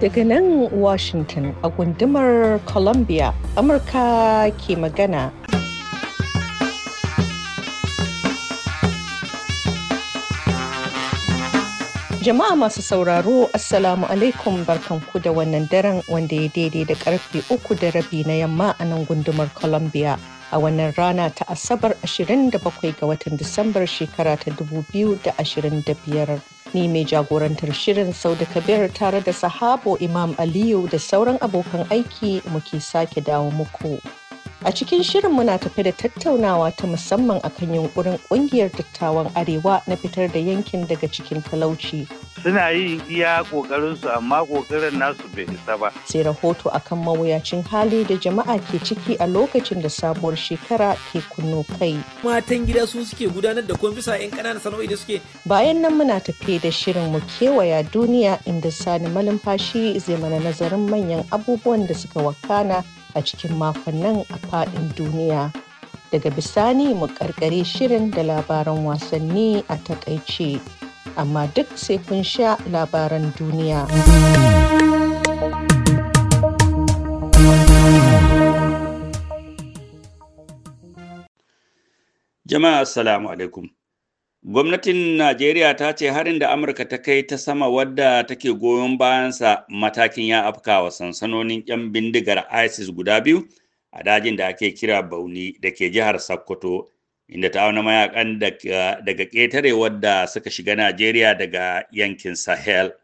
Daga nan Washington a gundumar Columbia, Amurka ke magana. Jama'a masu sauraro, Assalamu alaikum barkanku da wannan daren wanda ya daidai da karfe uku da rabi na yamma a nan gundumar Columbia. a wannan rana ta Asabar 27 ga watan Disambar shekara ta 2025. Ni mai jagorantar shirin sau da kabir tare da sahabo Imam Aliyu da sauran abokan aiki muke sake dawo muku. A cikin shirin muna tafi da tattaunawa ta musamman akan yunkurin kungiyar dattawan Arewa na fitar da yankin daga cikin talauci. Suna yi iya ƙoƙarinsu amma ƙoƙarin nasu bai isa ba. Sai rahoto akan mawuyacin hali da jama'a ke ciki a lokacin da sabuwar shekara ke kunno kai. Matan gida su suke gudanar da bisa 'yan ƙananan sana'o'i da suke. Bayan nan muna tafi da shirin mu kewaya duniya inda sani malumfashi zai mana nazarin manyan abubuwan da suka wakana a cikin makonnan a faɗin duniya. Daga bisani mu karkare shirin da labaran wasanni a takaice, amma duk sai kun sha labaran duniya. Jama'a Assalamu alaikum. Gwamnatin Najeriya ta ce harin da Amurka ta kai ta sama wadda take goyon bayansa matakin ya afka wa sansanonin 'yan bindigar ISIS guda biyu a dajin da ake kira Bauni da ke jihar Sokoto inda ta auna mayakan daga ƙetare wadda suka shiga Najeriya daga yankin Sahel.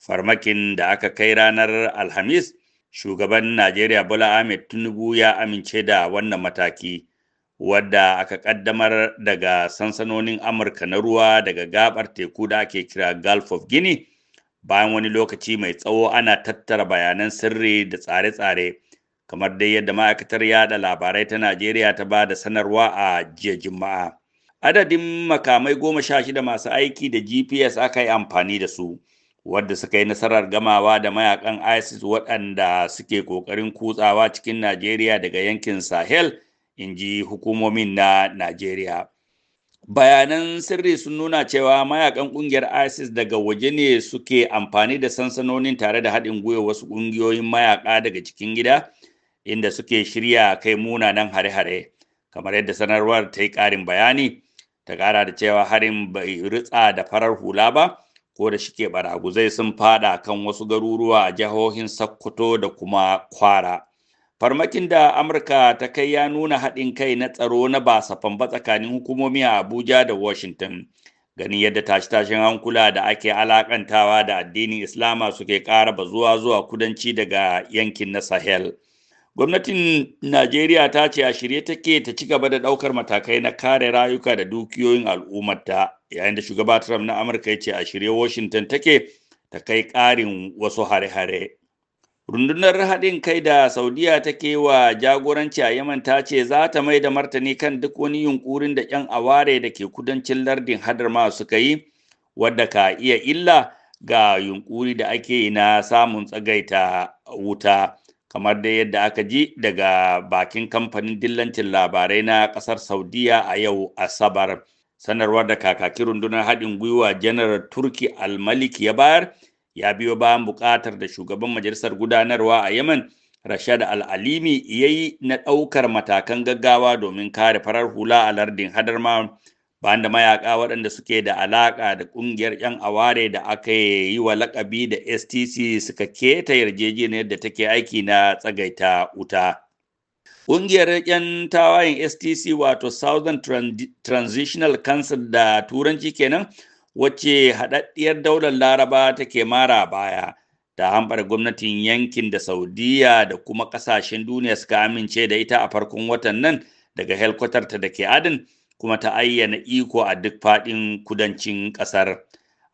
Farmakin da aka kai ranar Alhamis, shugaban Najeriya Bola Ahmed Tinubu ya amince da wannan mataki. wadda aka kaddamar daga sansanonin amurka na ruwa daga gabar teku da ake kira gulf of guinea bayan wani lokaci mai tsawo ana tattara bayanan sirri da tsare-tsare kamar dai yadda ma'aikatar yada labarai ta najeriya ta ba da sanarwa a jiya juma'a adadin makamai goma sha shida masu aiki da gps aka yi amfani da su wadda suka yi nasarar gamawa da mayakan isis waɗanda suke ƙoƙarin kutsawa cikin najeriya daga yankin sahel in ji hukumomin na Najeriya. Bayanan sirri sun nuna cewa mayakan kungiyar ISIS daga waje ne suke amfani da sansanonin tare da haɗin gwiwa wasu ƙungiyoyin mayaka daga cikin gida inda suke shirya kai munanan hare-hare. Kamar yadda sanarwar ta yi ƙarin bayani, ta ƙara da cewa harin bai ritsa da farar hula ba, ko da shike baraguzai sun fada kan wasu garuruwa a jihohin Sokoto da kuma Kwara. farmakin da amurka ta kai ya nuna haɗin kai na tsaro na ba basafan ba tsakanin hukumomi a abuja da washington Gani yadda tashe-tashen hankula da ake alakantawa da addinin islama suke ƙara ba zuwa kudanci daga yankin na sahel gwamnatin najeriya ta ce a shirye take ta ci gaba da ɗaukar matakai na kare rayuka da dukiyoyin al'ummarta yayin da shugaba trump na amurka ya ce a shirye washington take ta kai ƙarin wasu hare-hare rundunar haɗin kai da saudiya take wa jagoranci a yaman ta ce za ta mai da martani kan duk wani yunkurin da 'yan aware da ke kudancin lardin hadar ma suka yi wadda ka iya illa ga yunkuri da ake yi na samun tsagaita wuta kamar da yadda aka ji daga bakin kamfanin dillancin labarai na ƙasar saudiya a yau asabar sanarwar da kakaki rundunar haɗin gwiwa janar turki almaliki ya bayar ya biyo bayan buƙatar da shugaban majalisar gudanarwa a Yemen Rashad Al-Alimi ya na ɗaukar matakan gaggawa domin kare farar hula a lardin Hadarma bayan da mayaka waɗanda suke da alaƙa da ƙungiyar 'yan aware da aka yi wa lakabi da STC suka keta yarjejeniyar da take aiki na tsagaita wuta. Ƙungiyar 'yan tawayen STC wato Southern Transitional Council da Turanci kenan wacce haɗaɗɗiyar daular laraba take mara baya ta hambar gwamnatin yankin da saudiya da kuma ƙasashen duniya suka amince da ita a farkon watan nan daga ta da ke adin kuma ta ayyana iko a duk faɗin kudancin ƙasar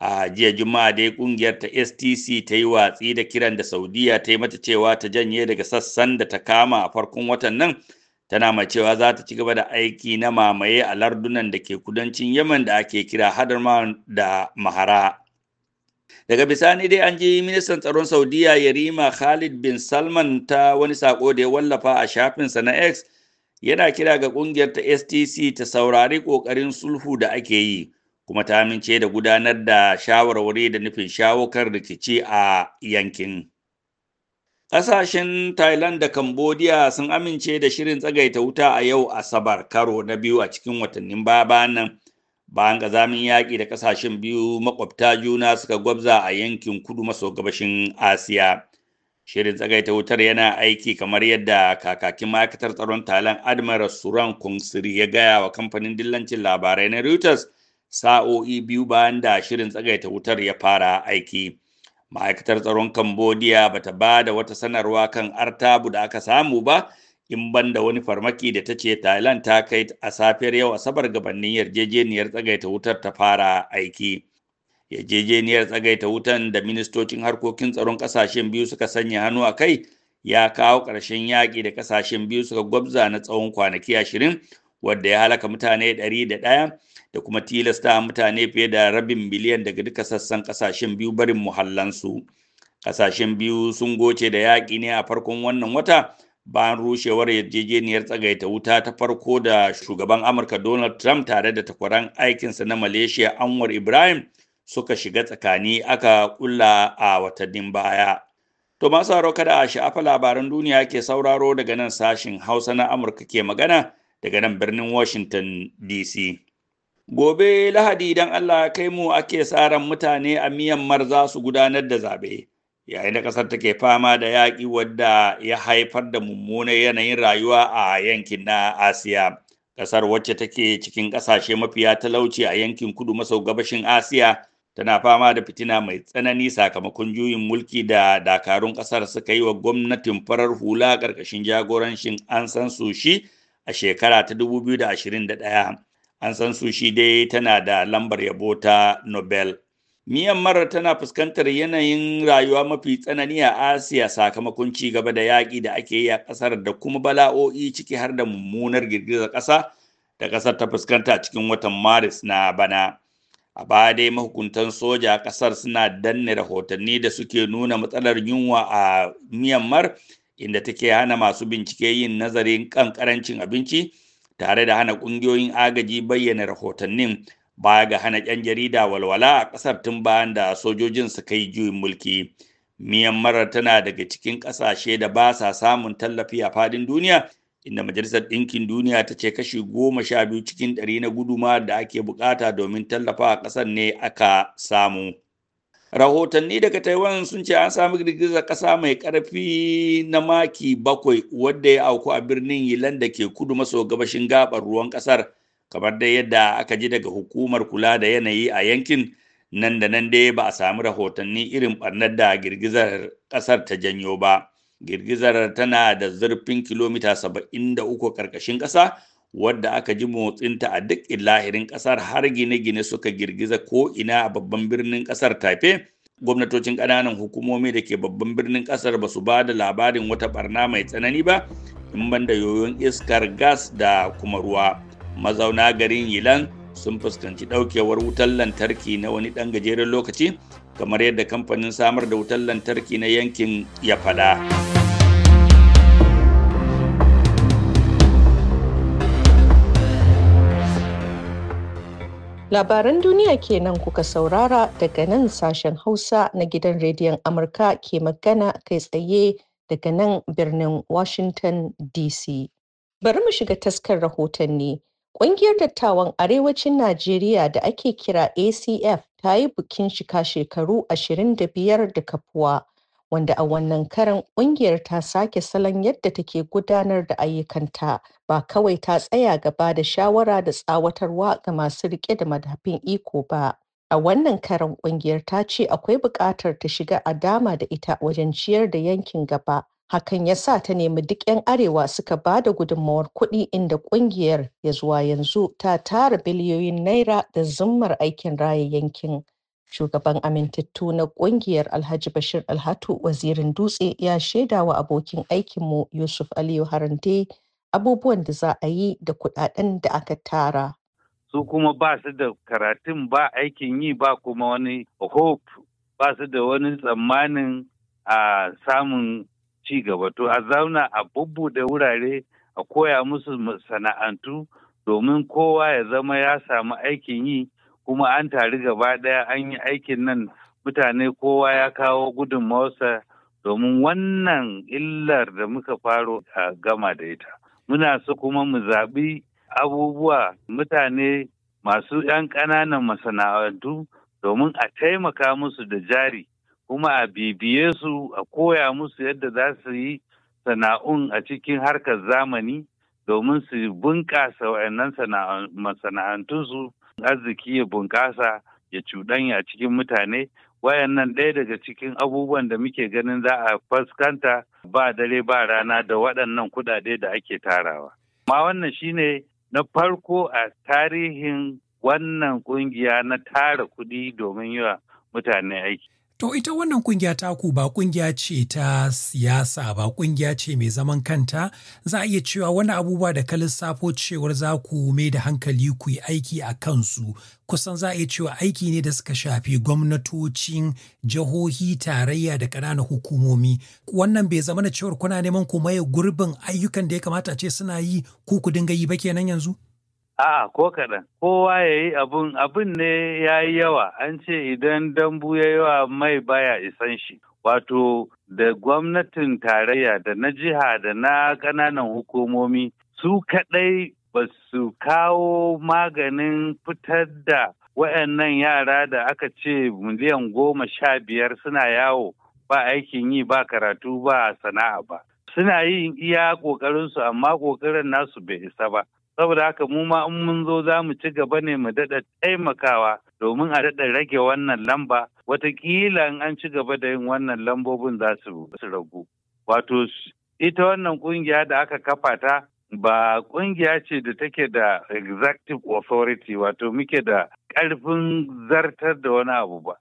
a jiya juma'a dai ƙungiyar ta stc ta yi watsi da kiran da saudiya ta yi mata cewa ta janye daga sassan da ta kama a farkon watan nan tana mai cewa za ta ci gaba da aiki na mamaye a lardunan da ke kudancin yaman da ake kira hadarma da mahara daga bisani dai an ji ministan tsaron saudiya yarima khalid bin salman ta wani sako da ya wallafa a shafinsa na x yana kira ga kungiyar ta stc ta saurari kokarin sulhu da ake yi kuma ta amince da gudanar da shawarwari da nufin shawo kan rikici a yankin. Ƙasashen Thailand da Cambodia sun amince da shirin tsagaita wuta a yau Asabar karo na biyu a cikin watannin baya nan bayan ƙazamin yaƙi da ƙasashen biyu makwabta juna suka gwabza a yankin kudu maso gabashin Asiya. Shirin tsagaita wutar yana aiki kamar yadda kakakin ma'aikatar tsaron Thailand Admiral Suran Kungsiri ya gaya wa kamfanin dillancin labarai na Reuters sa'o'i biyu bayan da shirin tsagaita wutar ya fara aiki. ma'aikatar tsaron cambodia ba ta ba da wata sanarwa kan artabu da aka samu ba in ban da wani farmaki da ta ce thailand ta kai a safiyar yau asabar gabanin yarjejeniyar tsagaita wutar ta fara aiki yarjejeniyar tsagaita wutan da ministocin harkokin tsaron kasashen biyu suka sanya hannu a kai ya kawo ƙarshen yaƙi da kasashen biyu suka gwabza na tsawon kwanaki ashirin wadda ya halaka mutane ɗari da ɗaya da kuma tilasta mutane fiye da rabin miliyan daga duka sassan kasashen biyu barin muhallansu kasashen biyu sun goce da yaƙi ne a farkon wannan wata bayan rushewar yarjejeniyar tsagaita wuta ta farko da shugaban amurka donald trump tare da takwaran aikinsa na malaysia anwar ibrahim suka shiga tsakani aka kulla a watannin baya to masu haro kada a sha'afa labaran duniya ke sauraro daga nan sashin hausa na amurka ke magana daga nan birnin washington dc gobe lahadi don allah kai mu ake tsaran mutane a myanmar za su gudanar da zaɓe yayin da ƙasar take fama da yaƙi wadda ya haifar da mummunan yanayin rayuwa a yankin na asiya ƙasar wacce take cikin ƙasashe mafiya talauci a yankin kudu maso gabashin asiya tana fama da fitina mai tsanani sakamakon juyin mulki da dakarun ƙasar suka yi wa gwamnatin farar hula ƙarƙashin jagorancin an san su shi a shekara ta ɗaya. an san su shi dai tana da lambar yabo ta nobel myanmar tana fuskantar yanayin rayuwa mafi tsanani a asiya sakamakon ci gaba da yaƙi da ake yi a ƙasar da kuma bala'o'i ciki har da mummunar girgizar ƙasa da ƙasar ta fuskanta cikin watan maris na bana a baya dai mahukuntan soja a ƙasar suna danne rahotanni da suke nuna matsalar yunwa a myanmar inda take hana masu bincike yin nazarin kan ƙarancin abinci tare da hana ƙungiyoyin agaji bayyana rahotannin baya ga hana 'yan jarida walwala a ƙasar tun bayan da sojojin suka yi juyin mulki. Myanmar tana daga cikin ƙasashe da ba sa samun tallafi a fadin duniya, inda Majalisar Ɗinkin Duniya ta ce kashi goma sha biyu cikin ɗari na guduma da ake buƙata domin tallafa a ƙasar ne aka samu. rahotanni daga taiwan sun ce an sami girgizar kasa mai karfi na maki bakwai wadda ya auku a birnin yilan da ke kudu maso gabashin gabar ruwan kasar kamar dai yadda aka ji daga hukumar kula da yanayi a yankin nan da nan dai ba a sami rahotanni irin barnar da girgizar kasar ta janyo ba girgizar tana da zurfin kilomita 73 karkashin kasa wadda aka ji motsinta a duk lahirin kasar har gine-gine suka girgiza ko ina a babban birnin kasar tafe gwamnatocin ƙananan hukumomi da ke babban birnin kasar ba su ba da labarin wata barna mai tsanani ba in banda yoyon iskar gas da kuma ruwa mazauna garin yilan sun fuskanci ɗaukewar wutar lantarki na wani ɗan gajeren lokaci kamar yadda kamfanin samar da wutar lantarki na yankin ya faɗa. Labaran duniya kenan kuka saurara daga nan sashen Hausa na gidan rediyon Amurka ke magana kai tsaye daga nan birnin Washington DC. Bari mu shiga taskar ne. Ƙungiyar dattawan Arewacin Najeriya da ake kira ACF ta yi bukin shika shekaru ashirin da biyar da kafuwa. wanda a wannan karan kungiyar ta sake salon yadda take gudanar da ayyukanta ba kawai ta tsaya gaba da shawara da tsawatarwa ga masu rike da madafin iko ba a wannan karan kungiyar ta ce akwai buƙatar ta shiga a dama da ita wajen ciyar da yankin gaba hakan ya sa ta nemi duk 'yan arewa suka ba da gudunmawar kuɗi inda ƙungiyar ya zuwa yanzu ta tara biliyoyin naira da zummar aikin raya yankin Shugaban amintattu na kungiyar Alhaji Bashir Alhatu wazirin dutse ya shaida wa abokin aikinmu Yusuf Aliyu Harande abubuwan da za a yi da kudaden da aka tara. Su kuma ba su da karatun ba aikin yi ba kuma wani hope ba su da wani tsammanin a samun ci gaba. To a zauna a da wurare a koya musu sana'antu domin kowa ya zama ya samu aikin yi kuma an tari gaba ɗaya an yi aikin nan mutane kowa ya kawo gudunmawarsa domin wannan illar da muka faro a gama da ita. Muna so kuma mu zaɓi abubuwa mutane masu 'yan ƙananan masana'antu domin a taimaka musu da jari kuma a bibiye su a koya musu yadda za su yi sana'un a cikin harkar zamani domin su bunƙasa wa'annan masana'antunsu arziki ya bunƙasa ya cuɗanya cikin mutane wayannan ɗaya daga cikin abubuwan da muke ganin za a fuskanta ba dare ba rana da waɗannan kuɗaɗe da ake tarawa. Ma wannan shine na farko a tarihin wannan ƙungiya na tara kuɗi domin yiwa mutane aiki. To ita wannan kungiya ta ku ba kungiya ce ta siyasa ba kungiya ce mai zaman kanta za a iya cewa wani abubuwa da ka lissafo cewar za ku mai da hankali ku yi aiki a kansu kusan za a iya cewa aiki ne da suka shafi gwamnatocin jihohi tarayya da ƙananan hukumomi wannan bai zama da cewar kuna neman ku maye gurbin ayyukan da ya kamata ce suna yi ku ku dinga yi ba kenan yanzu? A'a ko kaɗan, kowa ya yi abun abin ne ya yi yawa, an ce idan dambu ya yawa mai baya isan shi. Wato da gwamnatin tarayya da na jiha da na ƙananan hukumomi su kaɗai ba su kawo maganin fitar da waɗannan yara da aka ce miliyan goma sha biyar suna yawo ba aikin yi ba karatu ba sana'a ba. Suna yin iya ƙoƙarinsu amma ƙoƙarin nasu bai isa ba. saboda haka mu ma in mun zo za mu ci gaba ne mu daɗa taimakawa domin a daɗa rage wannan lamba watakila in an ci gaba da yin wannan lambobin za su ragu wato ita wannan ƙungiya da aka kafa ta ba ƙungiya ce da take da executive authority wato muke da ƙarfin zartar da wani abu ba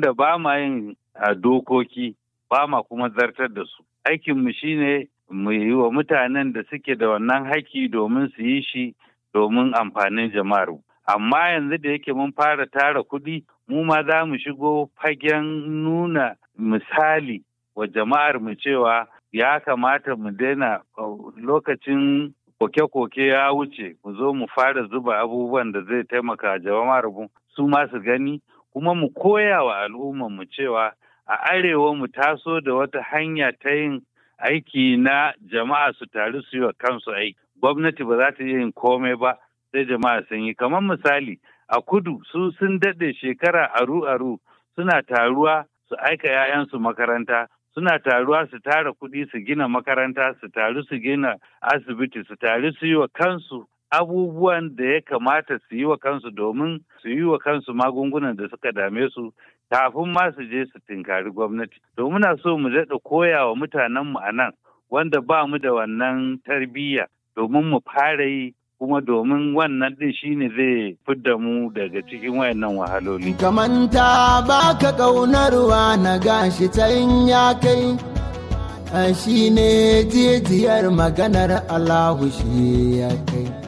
da ba ma yin dokoki ba ma kuma zartar da su aikinmu shine mu yi wa mutanen da suke da wannan haƙƙi domin su yi shi domin amfanin jama'ar amma yanzu da yake mun fara tara kuɗi mu ma za mu shigo fagen nuna misali wa jama'ar mu cewa ya kamata mu daina uh, lokacin koke-koke ya wuce mu zo mu fara zuba abubuwan da zai taimaka jama'ar mu su ma su gani kuma mu koya wa al'ummar mu cewa a arewa mu taso da wata hanya ta yin aiki na jama'a su taru su yi wa kansu aiki gwamnati ba za ta yin komai ba sai jama'a sun yi kamar misali a kudu su sun daɗe shekara aru aru suna taruwa su aika 'ya'yansu makaranta suna taruwa su tara kuɗi su gina makaranta su taru su gina asibiti su taru su yi wa kansu abubuwan da ya kamata su yi wa kansu domin su yi wa kansu magungunan da suka dame su kafin ma su je su tinkari gwamnati. To muna so mu daɗa koya wa mutanenmu a nan wanda ba mu da wannan tarbiyya domin mu fara yi kuma domin wannan din ne zai fidda mu daga cikin wayannan wahaloli. Kamanta ba ka ƙaunarwa na gashi ta ya kai, shi ne jijiyar maganar Allah shi ya kai.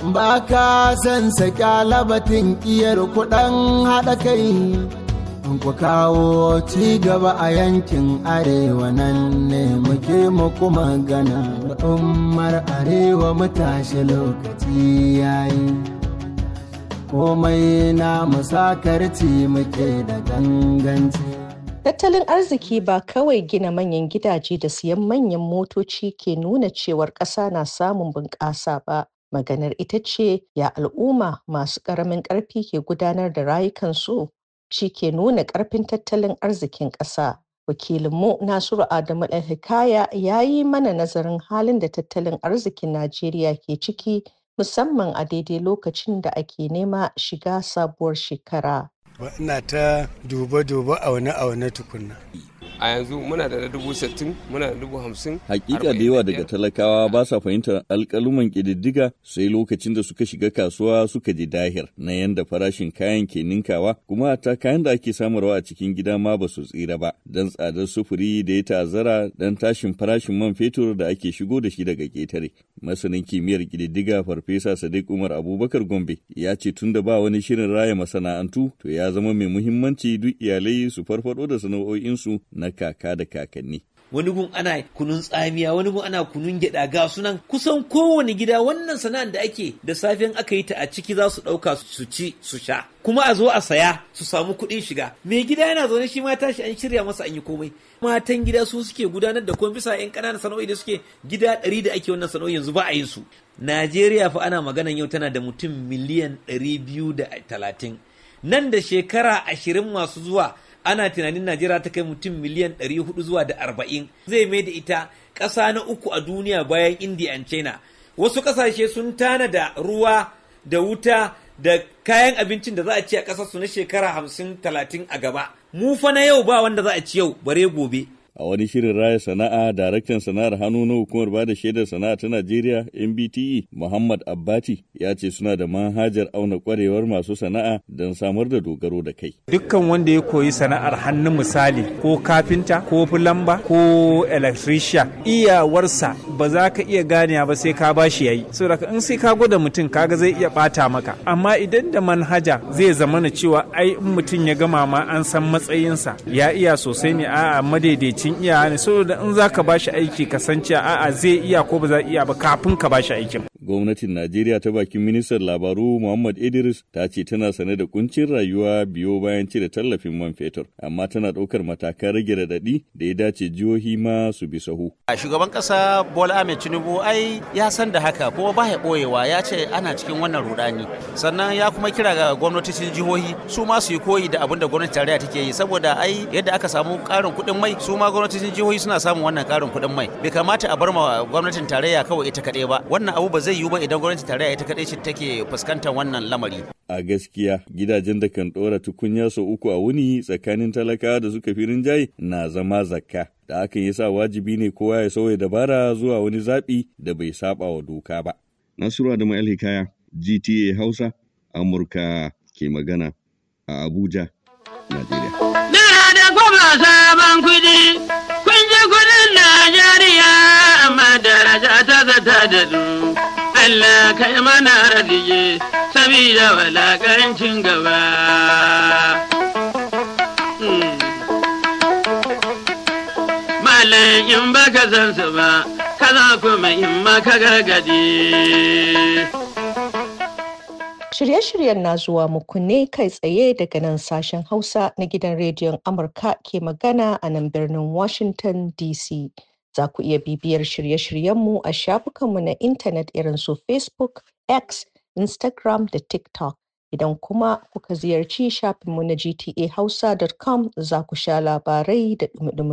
ba ka san saƙa labatin ƙiyar kuɗin haɗa kai ku kawo ci gaba a yankin arewa nan ne muke mu kuma gana. umar arewa mu lokaci yayi komai na musakarci muke da ganganci tattalin arziki ba kawai gina manyan gidaje da siyan manyan motoci ke nuna cewar ƙasa na samun bunƙasa ba Maganar ita ce ya al'umma masu ƙaramin ƙarfi ke gudanar da rayukansu shi ke nuna ƙarfin tattalin arzikin ƙasa. Wakilinmu Nasiru Adamu ɗan hikaya ya yi mana nazarin halin da tattalin arzikin Najeriya ke ciki musamman a daidai lokacin da ake nema shiga sabuwar shekara. Ina ta dube-dube a wani tukunna. a yanzu muna da dubu sittin muna da dubu hamsin. Hakika da yawa daga talakawa ba sa fahimtar alkaluman kididdiga sai lokacin da suka shiga kasuwa suka ji dahir na yanda farashin kayan ke ninkawa kuma ta kayan da ake samarwa a cikin gida ma ba su tsira ba don tsadar sufuri da ya ta'azzara don tashin farashin man fetur da ake shigo da shi daga ketare Masanin kimiyyar ƙididdiga Farfesa Sadiq Umar Abubakar Gombe ya ce tun da ba wani shirin raya masana'antu to ya zama mai muhimmanci duk iyalai su farfado da sana'o'insu na kaka da kakanni. wani gun ana kunun tsamiya wani gun ana kunun gyada ga sunan kusan kowane gida wannan sana'ar da ake da safiyan aka yi ta a ciki za su ɗauka su ci su sha kuma a zo a saya su samu kuɗin shiga mai gida yana zaune shi ma shi an shirya masa an yi komai matan gida su suke gudanar da komai bisa yan ƙananan sana'o'i da suke gida ɗari da ake wannan sana'o'i yanzu ba a yin su Najeriya fa ana maganan yau tana da mutum miliyan ɗari biyu da talatin nan da shekara ashirin masu zuwa ana tunanin najeriya ta kai mutum miliyan 400 zuwa da 40 zai mai da ita ƙasa na uku a duniya bayan india and china wasu ƙasashe sun tana da ruwa da wuta da kayan abincin da za a ci a ƙasarsu na shekara hamsin talatin a gaba mu fa na yau ba wanda za a ci yau bare gobe a wani shirin raya sana'a daraktan sana'ar hannu na hukumar bada shaidar sana'a ta najeriya mbte muhammad abbati ya ce suna da manhajar auna kwarewar masu sana'a don samar da dogaro da kai dukkan wanda ya koyi sana'ar hannu misali ko kafinta ko fulamba ko electrician iyawarsa ba za ka iya gane ba sai ka bashi yayi saboda in sai ka gwada mutum kaga zai iya bata maka amma idan da manhaja zai zamana cewa ai in mutum ya gama ma an san matsayinsa ya iya sosai ne a'a madaidaici sin iya ne saboda in za ka shi aiki ka san cewa a'a zai iya ko ba za iya ba kafin ka ba bashi aikin Gwamnatin Najeriya ta bakin ministan labaru Muhammad Idris ta ce tana sane da kuncin rayuwa biyo bayan cire tallafin man fetur, amma tana daukar matakan rage radadi da ya dace jihohi ma su bi sahu. A shugaban ƙasa Bola Ahmed Tinubu ai ya san da haka ko ba ya ɓoyewa ya ce ana cikin wannan rudani. Sannan ya kuma kira ga gwamnatocin jihohi su ma su yi koyi da abin da gwamnatin tarayya take yi saboda ai yadda aka samu ƙarin kuɗin mai su ma gwamnatocin jihohi suna samun wannan ƙarin kuɗin mai. Bai kamata a bar ma gwamnatin tarayya kawai ita kaɗai ba. Wannan abu ba zai yiwu ba idan gwamnati tarayya ita kaɗai ce take fuskantar wannan lamari. A gaskiya gidajen da kan ɗora tukunya sau uku a wuni tsakanin talakawa da suka fi rinjaye na zama zakka. Da hakan ya sa wajibi ne kowa ya sauya dabara zuwa wani zaɓi da bai saɓa wa doka ba. Nasiru Adamu Kaya, GTA Hausa, Amurka ke magana a Abuja, Najeriya. Naira da kuma sabon kuɗi, kun ji kuɗin Najeriya, amma daraja ta zata da duniya. Allah kai mana radiye sabida walakancin gaba. Hmm. Malam in baka zan zuba, ka kaza kuma in ka gargadi. Shirye-shiryen na zuwa muku ne kai tsaye daga nan sashen Hausa na gidan rediyon Amurka ke magana a nan birnin Washington DC. Za ku iya bibiyar shirye-shiryenmu a shafukanmu na intanet irin su Facebook, X, Instagram da TikTok. Idan kuma kuka ziyarci shafinmu na gtahausa.com za ku sha labarai da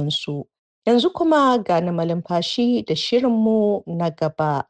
su. Yanzu kuma ga na malumfashi da shirinmu na gaba.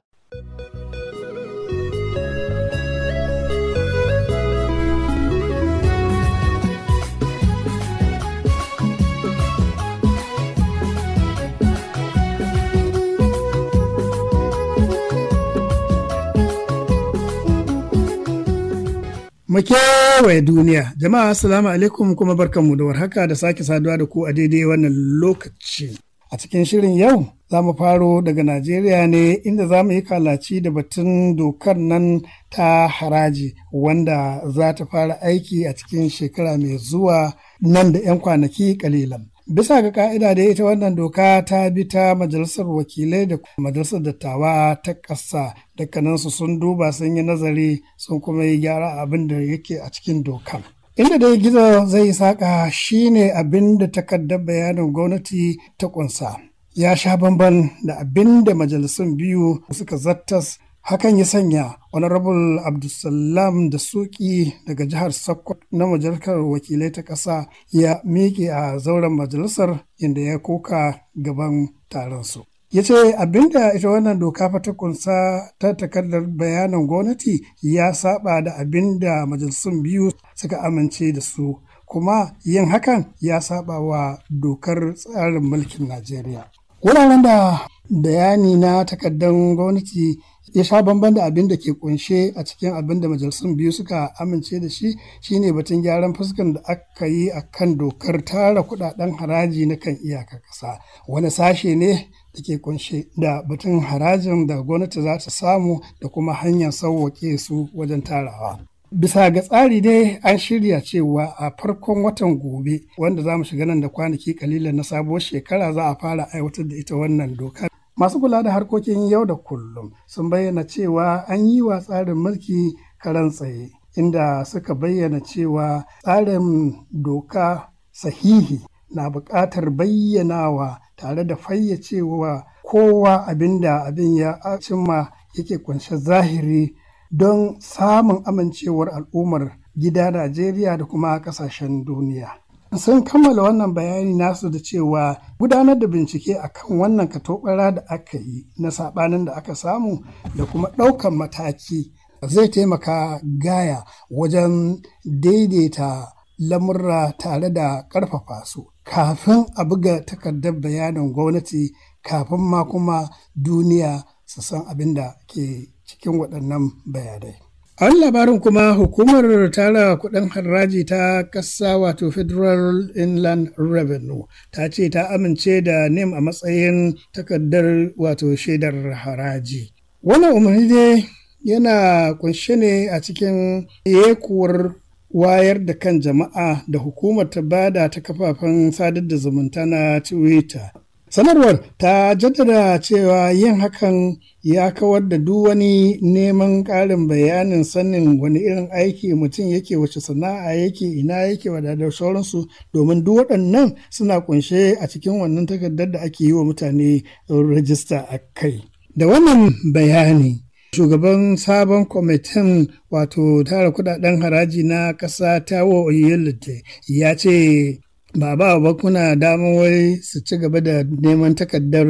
makewaye duniya jama'a assalamu alaikum kuma barkanmu da warhaka da sake saduwa da ku a daidai wannan lokaci a cikin shirin yau za mu faro daga najeriya ne inda za mu yi kalaci da batun dokar nan ta haraji wanda za ta fara aiki a cikin shekara mai zuwa nan da 'yan kwanaki kalilan Bisa ga ka'ida da ita wannan doka ta bi ta majalisar wakilai da majalisar dattawa ta ƙasa dukkaninsu sun duba sun yi nazari sun kuma yi gyara abin da yake a cikin dokar. Inda dai gizo zai yi saƙa shine abin da takardar bayanin gwamnati ta ƙunsa. Ya sha bamban da abin da majalisun biyu suka zattas Hakan ya sanya Honorable Abdulsalam da Suki daga jihar Sokoto na majalisar wakilai ta ƙasa ya miƙe a zauren majalisar inda ya koka gaban taron su. Ya ce abinda ita wannan doka fa ta kunsa ta takardar bayanan gwamnati ya saba da abinda majalisun biyu suka amince da su kuma yin hakan ya saba wa dokar tsarin mulkin Najeriya. Wuraren da bayani na takardar gwamnati ya sha bamban da abin da ke kunshe a cikin abin da majalisun biyu suka amince da shi shine batun gyaran fuskan da aka yi a kan dokar tara kudaden haraji na kan iyaka kasa wani sashe ne da ke kunshe da batun harajin da gwamnati za ta samu da kuma hanyar sauwaƙe su wajen tarawa bisa ga tsari dai an shirya cewa a farkon watan gobe wanda za mu shiga nan da kwanaki kalilan na sabuwar shekara za a fara aiwatar da ita wannan dokar. Masu kula da harkokin yau da kullum sun bayyana cewa an yi wa tsarin mulki karan tsaye, inda suka bayyana cewa tsarin doka sahihi na buƙatar bayyanawa tare da fayyacewa kowa abin da abin ya cimma yake kunshe zahiri don samun amincewar al'ummar gida Najeriya da kuma ƙasashen duniya. sun kammala wannan bayani nasu da cewa gudanar da bincike a kan wannan katobara da aka yi na sabanin da aka samu da kuma ɗaukan mataki zai taimaka gaya wajen daidaita lamurra tare da ƙarfafa su kafin a buga takardar bayanin gwamnati kafin ma kuma duniya su san abin da ke cikin waɗannan bayanai. A labarin kuma hukumar tara kudin haraji ta kasa, wato Federal Inland Revenue ta ce ta amince da NIM a matsayin takardar wato shaidar haraji. Wannan umarni ne yana kunshe ne a cikin yekuwar wayar da kan jama'a da hukumar ta bada ta kafafen sadar da zumunta na Twitter sanarwar ta jaddada cewa yin hakan ya kawar da duk wani neman ƙarin bayanin sanin wani irin aiki mutum yake wace sana'a yake ina yake da sauransu domin duk waɗannan suna kunshe a cikin wannan takardar da ake yi wa mutane rajista a kai da wannan bayani shugaban sabon kwamitin wato tara kudaden haraji na ƙasa tawo oyelite ya ce ba ba bakuna damar wai su ci gaba da neman takardar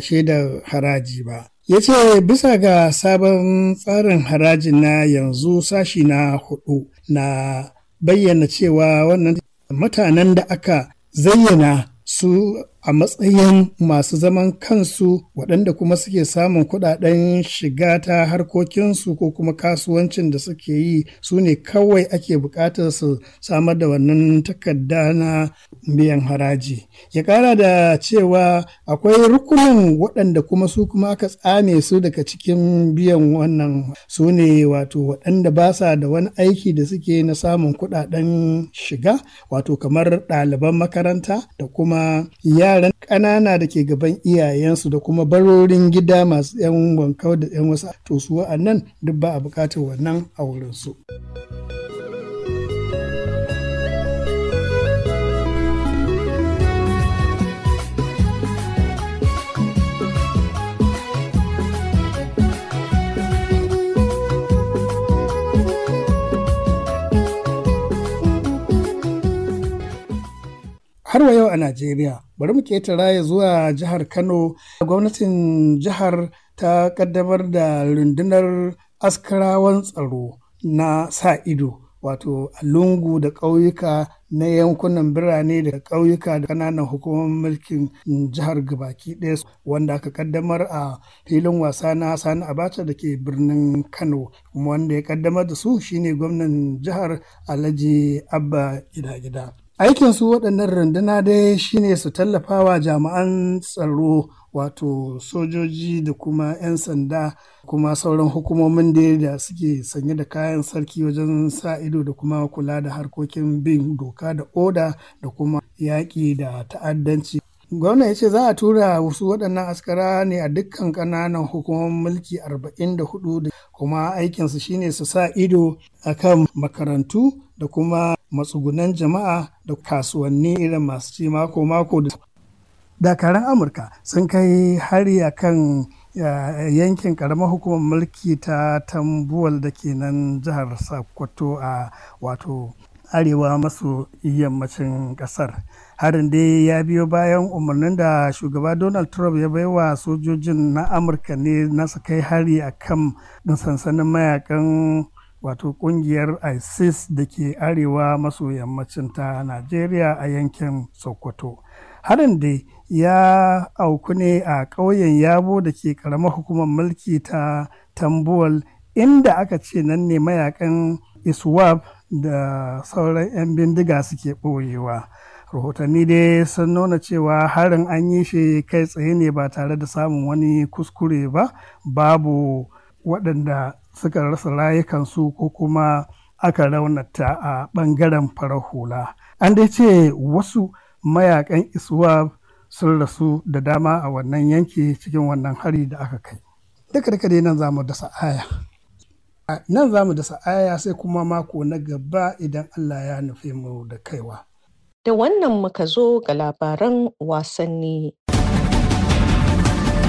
shaidar haraji ba. Ya ce bisa ga sabon tsarin haraji na yanzu sashi na hudu na bayyana cewa wannan mutanen da aka zayyana su a matsayin masu zaman kansu waɗanda kuma suke samun kuɗaɗen shiga ta harkokinsu ko kuma kasuwancin da suke yi su ne kawai ake buƙatar su samar da wannan takarda na biyan haraji ya ƙara da cewa akwai rukunin waɗanda kuma su kuma aka tsame su daga cikin biyan wannan su ne wato waɗanda ba sa da wani aiki da suke na samun kuɗaɗen shiga wato kamar ɗaliban makaranta da kuma ya yaran ƙanana da ke gaban iyayensu da kuma barorin gida masu 'yan wankau da 'yan wasu to su wa'annan duk ba a buƙatar wannan a wurinsu. har wa yau a Najeriya bari mu ketara ya zuwa jihar kano gwamnatin jihar ta kaddamar da rundunar askarawan tsaro na sa ido wato lungu da ƙauyuka na yankunan birane da ƙauyuka da ƙananan hukumar mulkin jihar gabaki ɗaya wanda aka kaddamar a filin wasa na sani abacha da ke birnin kano kuma wanda ya kaddamar da su shine gwamnan jihar alhaji abba gida gida aikin su waɗannan runduna dai shine su tallafawa jami'an tsaro wato sojoji da kuma 'yan sanda kuma sauran hukumomin da da suke sanye da kayan sarki wajen sa ido da kuma kula da harkokin bin doka da oda da kuma yaƙi da ta'addanci gwamna ya ce za a tura wasu waɗannan askara ne a dukkan ƙananan hukumar mulki 44 da kuma aikinsu shine su sa ido akan makarantu da kuma matsugunan jama'a da kasuwanni irin masu ci mako-mako da dakaran amurka sun kai hari a kan yankin karamar hukumar mulki ta tambuwal da ke nan jihar sokoto a wato arewa maso yammacin kasar harin dai ya biyo bayan umarnin da shugaba donald trump ya baiwa sojojin na amurka ne na su kai hari a kan sansanin mayakan wato kungiyar isis da ke arewa maso yammacin ta najeriya a yankin sokoto harin da ya auku ne a ƙauyen yabo da ke karamar hukumar mulki ta tambuwal inda aka ce nan ne mayakan iswap da sauran 'yan bindiga suke ɓoyewa rahotanni dai sun nuna cewa harin an yi shi kai tsaye ne ba tare da samun wani kuskure ba babu waɗanda suka rasa rayukansu ko kuma aka raunata a ɓangaren farar hula an dai ce wasu mayakan isuwa sun rasu da dama a wannan yanki cikin wannan hari da aka kai duka duka dai nan zamu dasa aya nan zamu dasa aya sai kuma mako na gaba idan allah ya nufi mu da kaiwa da wannan muka zo ga labaran wasanni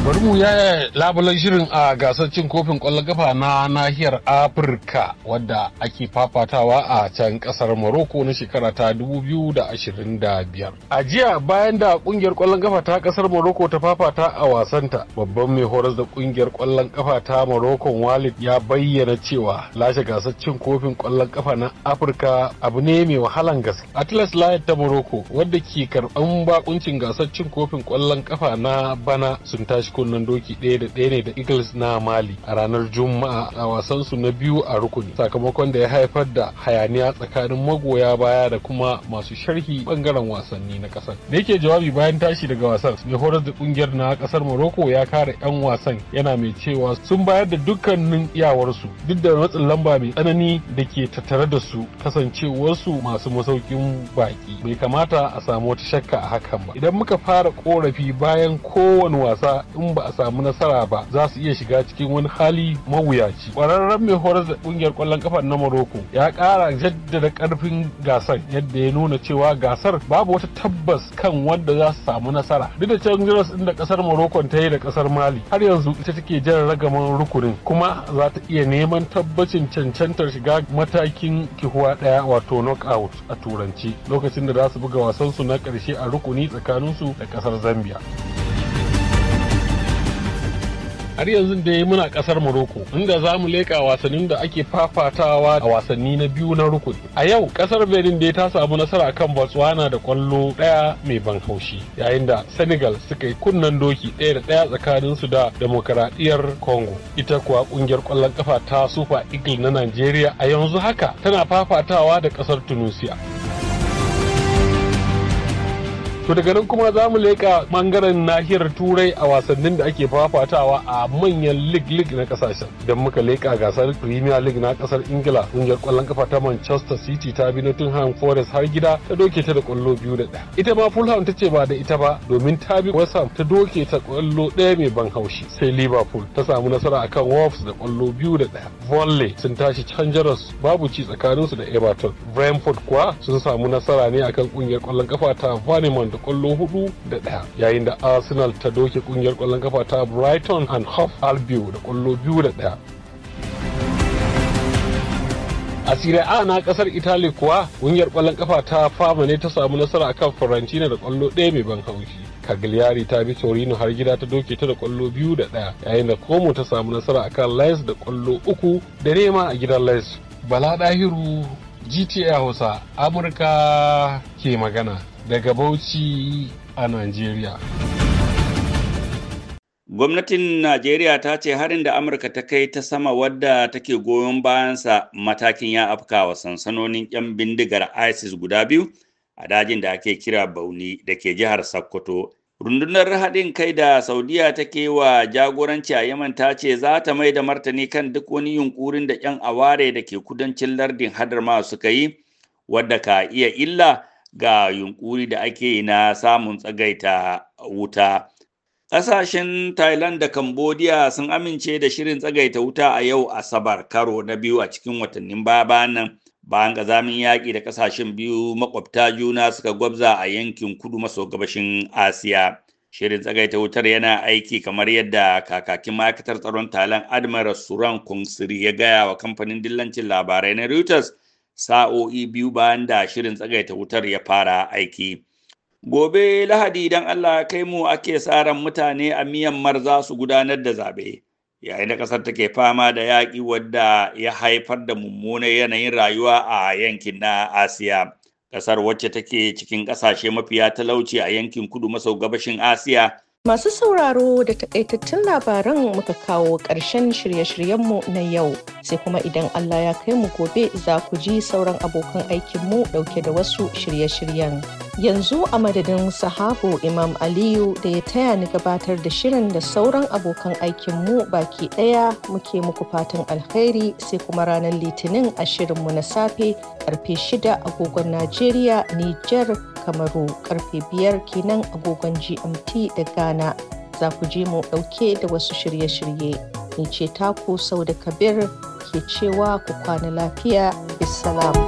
bari mu ya labulan shirin a gasar cin kofin kwallon kafa na nahiyar afirka wadda ake fafatawa a can ƙasar morocco na shekara ta 2025 a jiya bayan da ƙungiyar kwallon kafa ta ƙasar morocco ta fafata a wasanta babban mai horas da ƙungiyar kwallon kafa ta morocco walid ya bayyana cewa lashe gasar cin kofin kwallon kafa na afirka abu ne mai wahalan gaske atlas lion ta morocco wadda ke karban bakuncin gasar cin kofin kwallon kafa na bana sun tashi kunnen doki ɗaya da ɗaya ne da Eagles na Mali a ranar Juma'a a wasansu na biyu a rukuni sakamakon da ya haifar da hayaniya tsakanin magoya baya da kuma masu sharhi bangaren wasanni na ƙasar. Da yake jawabi bayan tashi daga wasan ne horar da kungiyar na ƙasar Morocco ya kare 'yan wasan yana mai cewa sun bayar da dukkanin iyawarsu duk da matsin lamba mai tsanani da ke tattare da su kasancewarsu masu masaukin baki bai kamata a samu wata shakka a hakan ba idan muka fara korafi bayan kowane wasa in in ba a samu nasara ba za su iya shiga cikin wani hali mawuyaci kwararren mai horar da ƙungiyar kwallon kafa na morocco ya kara jaddada karfin gasar yadda ya nuna cewa gasar babu wata tabbas kan wanda za su samu nasara duk da cewa Jiros da kasar morocco ta yi da kasar mali har yanzu ita take jan ragaman rukunin kuma za ta iya neman tabbacin cancantar shiga matakin kihuwa daya wato knockout a turanci lokacin da za su buga su na ƙarshe a rukuni tsakanin su da ƙasar zambia har yanzu dai muna kasar Morocco inda za mu leƙa wasannin da ake fafatawa a wasanni na biyu na rukuni. A yau kasar Benin dai ta samu nasara kan Botswana da kwallo ɗaya mai ban haushi yayin da Senegal suka yi kunnen doki ɗaya da ɗaya tsakanin su da demokaradiyyar Congo. Ita kuwa kungiyar kwallon kafa ta Super Eagle na nigeria a yanzu haka tana fafatawa da kasar Tunisia. To daga nan kuma za mu leƙa ɓangaren nahiyar Turai a wasannin da ake fafatawa a manyan lig-lig na kasashen Idan muka leƙa gasar Premier League na ƙasar Ingila, ƙungiyar ƙwallon kafa ta Manchester City ta bi Nottingham Forest har gida ta doke ta da ƙwallo biyu da ɗaya. Ita ma Fulham ta ce ba da ita ba domin ta bi West ta doke ta ƙwallo ɗaya mai ban haushi. Sai Liverpool ta samu nasara akan Wolves da ƙwallo biyu da ɗaya. Volley sun tashi can babu ci tsakaninsu da Everton. Brentford kuwa sun samu nasara ne akan ƙungiyar ƙwallon kafa ta Vanemond da kwallo hudu da daya yayin da arsenal ta doke kungiyar kwallon kafa ta brighton and hove albio da kwallo biyu da daya a Serie A na kasar Italy kuwa kungiyar kwallon kafa ta fama ne ta samu nasara akan farantina da kwallo ɗaya mai ban haushi. Cagliari ta bi Torino har gida ta doke ta da kwallo biyu da daya yayin da Como ta samu nasara akan L'ise da kwallo uku da nema a gidan L'ise. Bala Dahiru GTA Hausa Amurka ke magana. daga Bauchi a Najeriya. Gwamnatin Najeriya ta ce harin da Amurka ta kai ta sama wadda take goyon bayansa matakin ya afkawa sansanonin 'yan bindigar ISIS guda biyu a dajin da ake kira Bauni da ke jihar Sokoto. Rundunar haɗin kai da Saudiya take wa jagoranci a Yaman ta ce za ta mai da martani kan duk wani yunkurin da 'yan aware da ke kudancin lardin hadar masu suka yi wadda ka iya illa ga yunkuri da ake na samun tsagaita wuta. Ƙasashen Thailand da Cambodia sun amince da shirin tsagaita wuta a yau Asabar karo na biyu a cikin watannin baya nan bayan ƙazamin yaƙi da ƙasashen biyu makwabta juna suka gwabza a yankin kudu maso gabashin Asiya. Shirin tsagaita wutar yana aiki kamar yadda kakakin ma'aikatar tsaron Thailand Admiral Suran Kungsiri ya gaya wa kamfanin dillancin labarai na Reuters sa'o'i biyu bayan da shirin tsagaita wutar ya fara aiki. Gobe Lahadi don Allah kai mu ake tsaron mutane a Myanmar za su gudanar da zaɓe. Yayin da ƙasar take fama da yaƙi wadda ya haifar da mummunan yanayin rayuwa a yankin na Asiya. Ƙasar wacce take cikin ƙasashe mafiya talauci a yankin kudu maso gabashin Asiya Masu sauraro da taƙaitattun labaran muka kawo ƙarshen shirye-shiryenmu na yau sai kuma idan Allah ya kai mu gobe za ku ji sauran abokan aikinmu ɗauke da wasu shirye-shiryen. yanzu a madadin sahabu imam aliyu da ya taya ni gabatar da shirin da sauran abokan aikinmu baki daya muke muku fatan alheri sai kuma ranar litinin a shirinmu na safe karfe 6 agogon najeriya niger kamaru karfe 5 kenan agogon gmt da ghana za ku je mu dauke da wasu shirye-shirye ni ce taku sau da kabir ke cewa ku kwana lafiya bisalam.